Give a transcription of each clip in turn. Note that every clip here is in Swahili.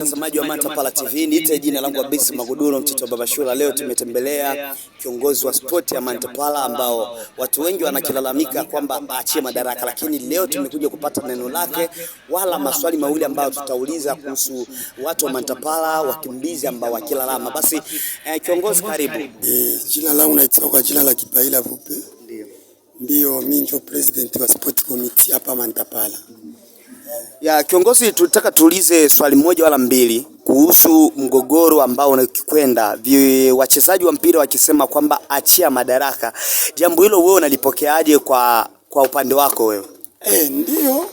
Mtazamaji wa matapala TV niite jina langu Abis Maguduro, mtoto wa Baba Shura. Leo tumetembelea kiongozi wa spoti ya Mantapala ambao watu wengi wanakilalamika kwamba aachie madaraka, lakini leo tumekuja kupata neno lake, wala maswali mawili ambayo tutauliza kuhusu watu wa Mantapala, wakimbizi ambao wakilalama. Basi eh, kiongozi karibu. Eh, jina langu naitwa kwa jina la Kipaila Vupe, ndio mimi ndio president wa sport committee hapa Mantapala. Ya kiongozi, tulitaka tuulize swali moja wala mbili kuhusu mgogoro ambao unakikwenda, wachezaji wa mpira wakisema kwamba achia madaraka. Jambo hilo wewe unalipokeaje kwa, kwa upande wako wewe? Eh, ndio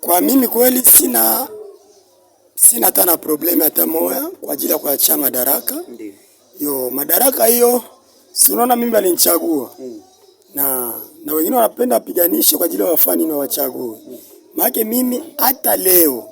kwa mimi kweli sina sina tena na problemu hata moya kwa ajili ya kuachia madaraka. Ndiyo. Yo, madaraka hiyo si unaona mimi alinichagua. Hmm. Na na wengine wanapenda wapiganishe kwa ajili ya wafani na wachague. Hmm. Maana mimi hata leo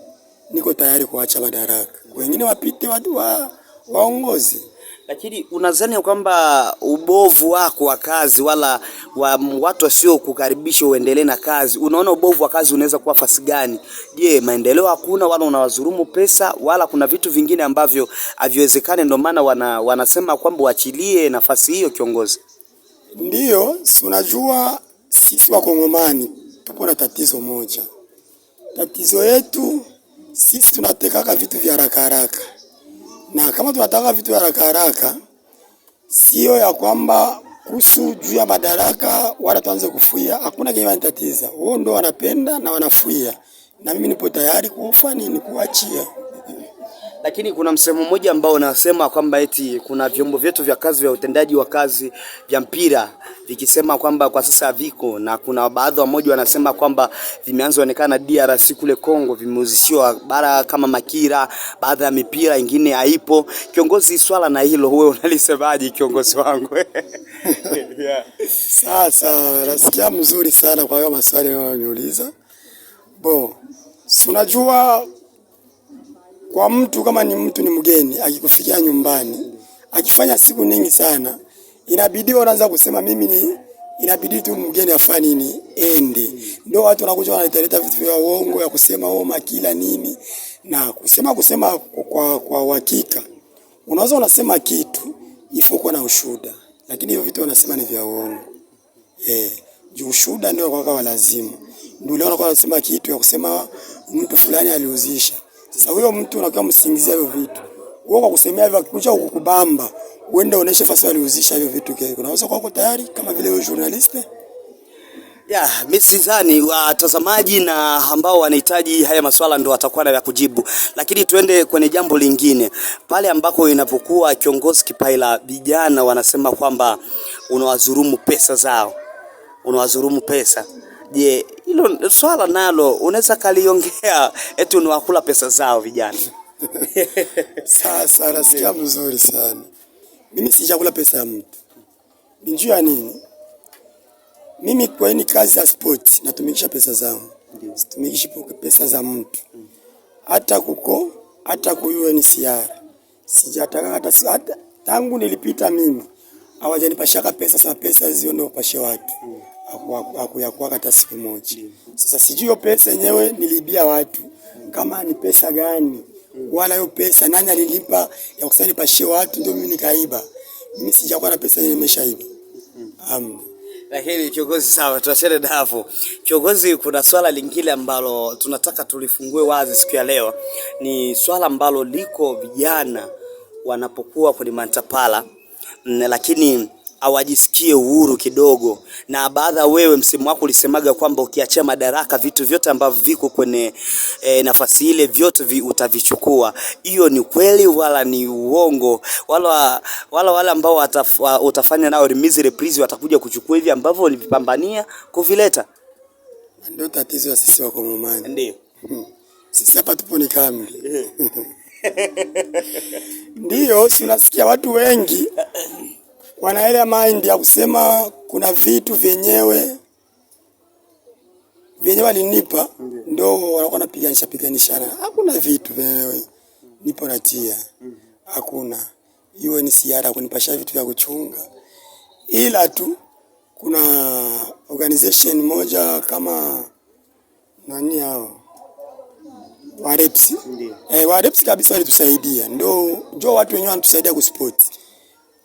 niko tayari kuacha madaraka, wengine wapite watu wa waongozi. Lakini unadhani kwamba ubovu wako wa kazi wala wa watu wasio kukaribisha uendelee na kazi, unaona ubovu wa kazi unaweza kuwa fasi gani? Je, maendeleo hakuna, wala unawadhulumu pesa, wala kuna vitu vingine ambavyo haviwezekani? Ndio maana wana, wanasema kwamba uachilie nafasi hiyo kiongozi. Ndiyo, unajua sisi wakongomani tupo na tatizo moja Tatizo yetu sisi tunatekaka vitu vya haraka haraka, na kama tunataka vitu vya haraka haraka, sio ya kwamba kusu juu ya madaraka wala tuanze kufuia. Hakuna kenye wanitatiza, wao ndo wanapenda na wanafuia, na mimi nipo tayari kufa ni nikuachia. Lakini kuna msemo mmoja ambao unasema kwamba eti kuna vyombo vyetu vya kazi vya utendaji wa kazi vya mpira vikisema kwamba kwa sasa viko na kuna baadhi wa moja wanasema kwamba vimeanza kuonekana DRC kule Kongo, vimeuzishiwa bara kama Makira, baadhi ya mipira ingine haipo. Kiongozi, swala na hilo wewe unalisemaje kiongozi wangu? Sasa nasikia mzuri sana kwa hiyo maswali unayoniuliza. Bo, unajua kwa mtu kama ni mtu ni mgeni akikufikia nyumbani, akifanya siku nyingi sana, inabidi unaanza kusema mimi ni inabidi tu mgeni afanye nini ende. Ndio watu wanakuja wanaleta vitu vya uongo ya kusema oh makila nini na kusema kusema kwa kwa uhakika. Unaweza unasema kitu ifo kwa na ushuda, lakini hiyo vitu wanasema ni vya uongo eh, juu ushuda ndio kwa kawa lazima. Ndio leo wanakuwa wanasema kitu ya kusema mtu fulani aliuzisha sasa huyo mtu unakiwa msingizia hivyo vitu. Wewe kwa kusemea hivyo akikuja kukubamba, uende uoneshe fasi alihuzisha hivyo vitu kile. Unaweza kwako uko tayari kama vile wewe journalist? Ya, mimi sidhani watazamaji na ambao wanahitaji haya maswala ndio watakuwa na ya kujibu, lakini tuende kwenye jambo lingine, pale ambako inapokuwa kiongozi Kipaila, vijana wanasema kwamba unawadhurumu pesa zao, unawadhurumu pesa. Je, hilo swala nalo unaweza kaliongea, eti unawakula pesa zao vijana. Sasa nasikia mzuri sana mimi, sijakula pesa ya mtu. Ni njuu ya nini? Mimi kwa ini kazi ya sport natumikisha pesa zangu, situmikishi pesa za mtu, hata kuko hata ku UNCR sijataka hata, hata tangu nilipita mimi hawajanipashaka pesa sa pesa zione wapashe watu hakuyakuwa hata siku moja. Sasa sijui hiyo pesa yenyewe nilibia watu kama ni pesa gani, wala hiyo pesa nani alilipa ya kusema nipashie watu, ndio mimi nikaiba. Mimi sijakuwa na pesa yenyewe, nimeshaiba um. Lakini kiongozi, sawa, tuachane hapo kiongozi. Kuna swala lingine ambalo tunataka tulifungue wazi siku ya leo, ni swala ambalo liko vijana wanapokuwa kwenye mantapala, mm, lakini awajisikie uhuru kidogo. Na baadha, wewe msimu wako ulisemaga kwamba ukiachia madaraka vitu vyote ambavyo viko kwenye e, nafasi ile vyote vi, utavichukua. Hiyo ni kweli wala ni uongo? Wala wala wale ambao utafanya nao remise reprise watakuja kuchukua hivi ambavyo ulipambania kuvileta? Ndio tatizo sisi wako mumani. Ndio. Hmm. Sisi hapa tupo ni kambi. Ndio, si unasikia watu wengi wana ile mind ya kusema kuna vitu vyenyewe vyenyewe alinipa ndio wanakuwa wanapiganisha piganishana. Hakuna vitu vyenyewe nipo natia, hakuna iwe ni siara kunipasha vitu vya kuchunga, ila tu kuna organization moja kama nani hao wareps eh, warepsi kabisa walitusaidia, ndio jo watu wenyewe wanatusaidia kuspoti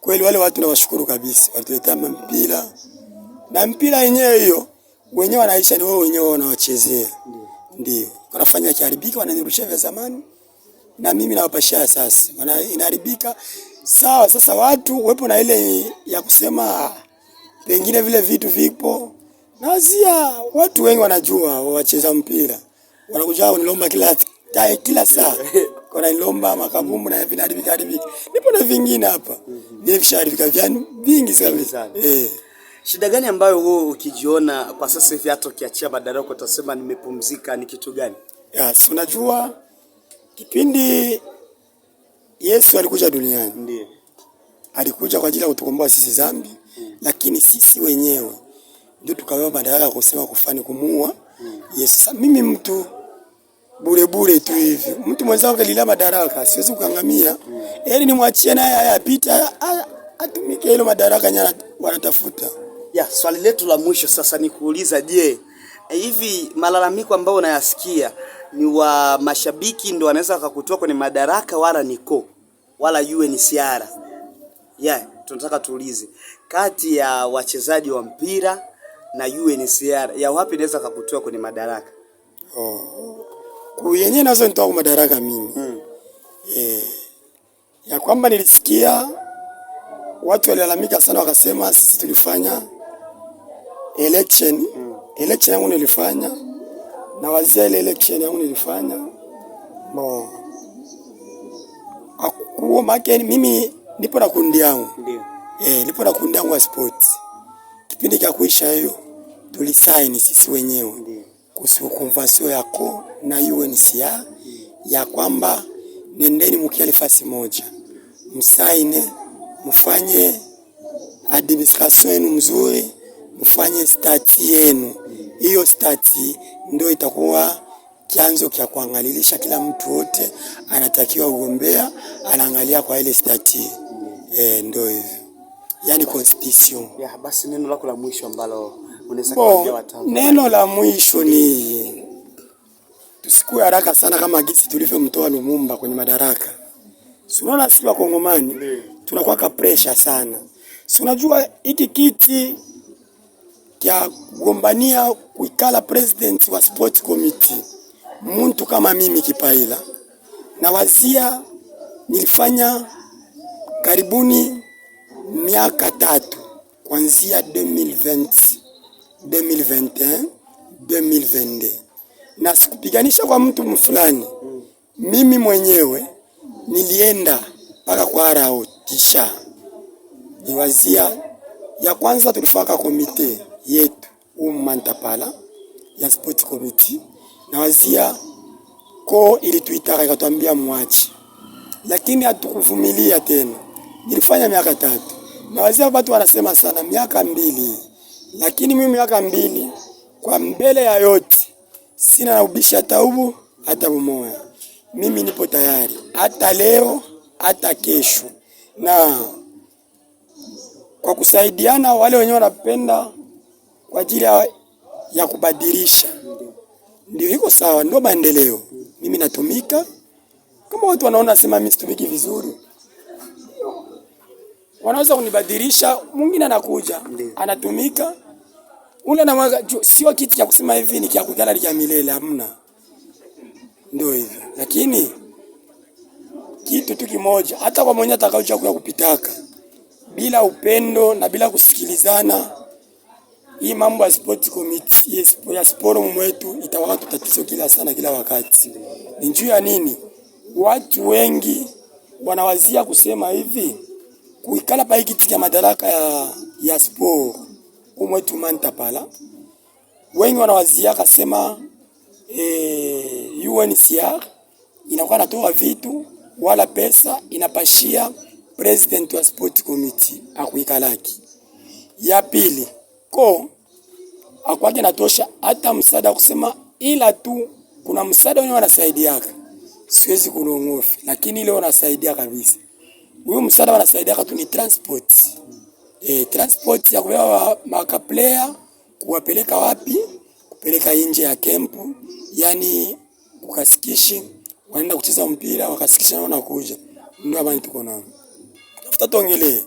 Kweli wale watu nawashukuru kabisa, walituletea mpira na mpira yenyewe hiyo wenyewe wanaisha, ni wao wenyewe wanawachezea, ndio wanafanya kiharibika, wananirushia vya zamani na mimi nawapashia sasa, wana inaharibika sawa. Sasa watu wepo na ile ya kusema pengine vile vitu vipo nazia, watu wengi wanajua wacheza mpira wanakuja kunilomba kila kila saa nilomba makabumbu na vinaharibika haribika, nipo na vingine hapa vile visharifika vyani vingi sana. Eh. Shida gani ambayo wewe ukijiona kwa sasa hivi hata ukiachia madaraka utasema nimepumzika ni kitu gani? Ya, ah, si unajua kipindi Yesu alikuja duniani. Ndiyo. Alikuja kwa ajili ya kutukomboa sisi dhambi, hmm. Lakini sisi wenyewe ndio tukawewa madaraka kusema kufani kumuua hmm. Yesu. Sasa mimi mtu bure bure tu hivi. Mtu mwenzangu kalila madaraka, siwezi kukangamia. Yaani nimwachie naye haya apita atumike ile madaraka nyana wanatafuta. Ya, swali letu la mwisho sasa ni kuuliza je, hivi malalamiko ambayo unayasikia ni wa mashabiki ndio wanaweza wakakutoa kwenye madaraka wala niko wala UNCR? Yeah, tunataka tuulize kati ya wachezaji wa mpira na UNCR ya wapi inaweza kakutoa kwenye madaraka? Oh kuyenye nazo nitoa kwa madaraka mimi mm. E, ya kwamba nilisikia watu walilalamika sana, wakasema sisi tulifanya election mm. election yangu nilifanya na wazia ile election yangu nilifanya bo akuo make mimi nipo na kundi yangu ndio eh, nipo na kundi yangu wa sports. Kipindi cha kuisha hiyo tulisaini sisi wenyewe ndio kuhusu konvansio yako na UNCR ya kwamba nendeni mkia moja, msaine, mfanye administration yenu mzuri, mfanye stati yenu. Hiyo stati ndio itakuwa chanzo cha kuangalilisha. Kila mtu wote anatakiwa ugombea, anaangalia kwa ile stati. Eh, ndio hivyo, yani constitution ya. Basi neno lako la mwisho ambalo Bo, neno la mwisho ni tusikue haraka sana kama gisi tulivyomtoa Lumumba kwenye madaraka. Si unaona sisi wa Kongomani tunakuwa ka pressure sana. Si unajua hiki kiti kya kugombania kuikala president wa sport committee, muntu kama mimi Kipaila na wazia nilifanya karibuni miaka tatu kuanzia 2020 2021 2022, na sikupiganisha kwa mtu mfulani. Mimi mwenyewe nilienda mpaka kwa rao tisha niwazia ya kwanza, tulifaka komite yetu umantapala ya sport committee, na wazia ko ilituitaka ikatwambia mwachi, lakini hatukuvumilia tena. Nilifanya miaka tatu, na wazia watu wanasema sana miaka mbili lakini mimi miaka mbili kwa mbele ya yote sina na ubishi hata ubu hata umoya. Mimi nipo tayari hata leo hata kesho, na kwa kusaidiana wale wenyewe wanapenda kwa ajili ya kubadilisha, ndio iko sawa, ndio maendeleo. Mimi natumika kama watu wanaona sema mimi situmiki vizuri wanaweza kunibadilisha. Mwingine anakuja anatumika ule na sio kitu cha kusema hivi ni cha kudala cha milele, hamna. Ndio hivyo, lakini kitu tu kimoja, hata kwa mwenye atakaochagua kupitaka bila upendo na bila kusikilizana, hii mambo ya sport committee ya sport mwetu itawaka tatizo kila sana, kila wakati. Ni juu ya nini watu wengi wanawazia kusema hivi kuikala pa ikiti kya madaraka ya, ya sport umwetu mantapala wengi wanawazia kasema e, eh, UNCR inakuwa natoa vitu wala pesa inapashia president wa sport committee akuikalaki. Ya pili ko akwake natosha hata msaada kusema, ila tu kuna msaada wenye wanasaidiaka, siwezi kunongofi, lakini ile wanasaidia kabisa huyu msaada wanasaidia tu ni transport. E, transport ya kubeba player kuwapeleka wapi, kupeleka nje ya kempu, yani kukasikishi wanaenda kucheza mpira wakasikisha na kuja ndio hapa tuko nao. Tafuta tuongelee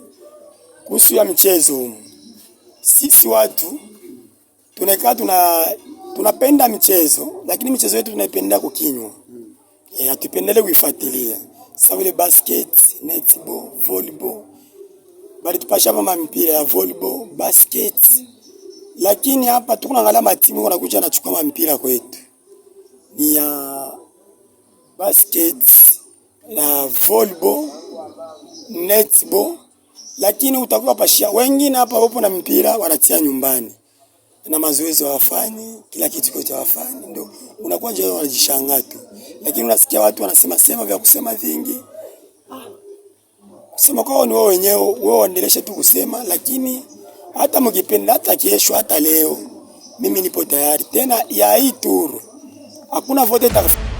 kuhusu ya michezo. Sisi watu tunakaa tuna tunapenda michezo, lakini michezo yetu tunaipenda kukinywa. Eh, hatupendele kuifuatilia sawa ile basket, netball, volleyball. Balitupasha mama mpira ya volleyball, basket. Lakini hapa tuko naangalia matimu iko nakuja nachukua mpira kwetu. Ni ya basket na volleyball, netball. Lakini utakuwa pashia wengine hapa wapo na mpira wanatia nyumbani na mazoezi hawafanyi, kila kitu kote hawafanyi, ndio unakuwa nje unajishangaa tu, lakini unasikia watu wanasema sema vya kusema vingi. Kusema kwao ni wewe wenyewe, wewe waendeleshe tu kusema, lakini hata mkipenda, hata kesho, hata leo, mimi nipo tayari tena ya hii turu, hakuna vote itakafu